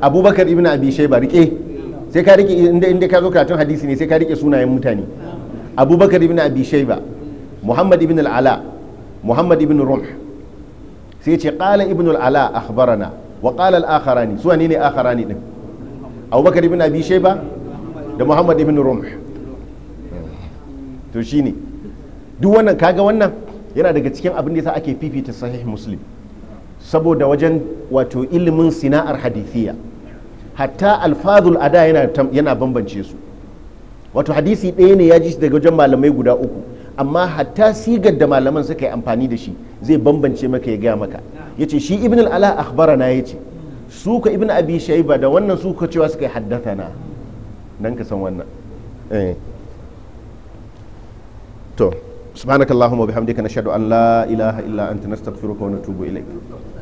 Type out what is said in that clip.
abubakar ibn abi shaiba rike sai ka rike inda inda ka zo karatun hadisi ne sai ka rike sunayen mutane abubakar ibn abi shaiba muhammad ibn al'ala muhammad ibn rumh sai ce qala ibn al'ala akhbarana wa qala al-akharani su ne ne akharani din abubakar ibn abi shaiba da muhammad ibn rumh to shine duk wannan kaga wannan yana daga cikin abin da yasa ake fifita sahih muslim saboda wajen wato ilimin sina'ar hadithiya hatta alfazul ada yana, bambance su wato hadisi ɗaya ne ya ji daga wajen malamai guda uku amma hatta sigar da malaman suka yi amfani da shi zai bambance maka ya gaya maka ya ce shi ibn al'ala na ya ce suka ibn abi shaiba da wannan suka cewa suka yi na nan ka san wannan eh. to subhanakallahumma bihamdika nashhadu an la ilaha illa anta nastaghfiruka wa natubu ilaik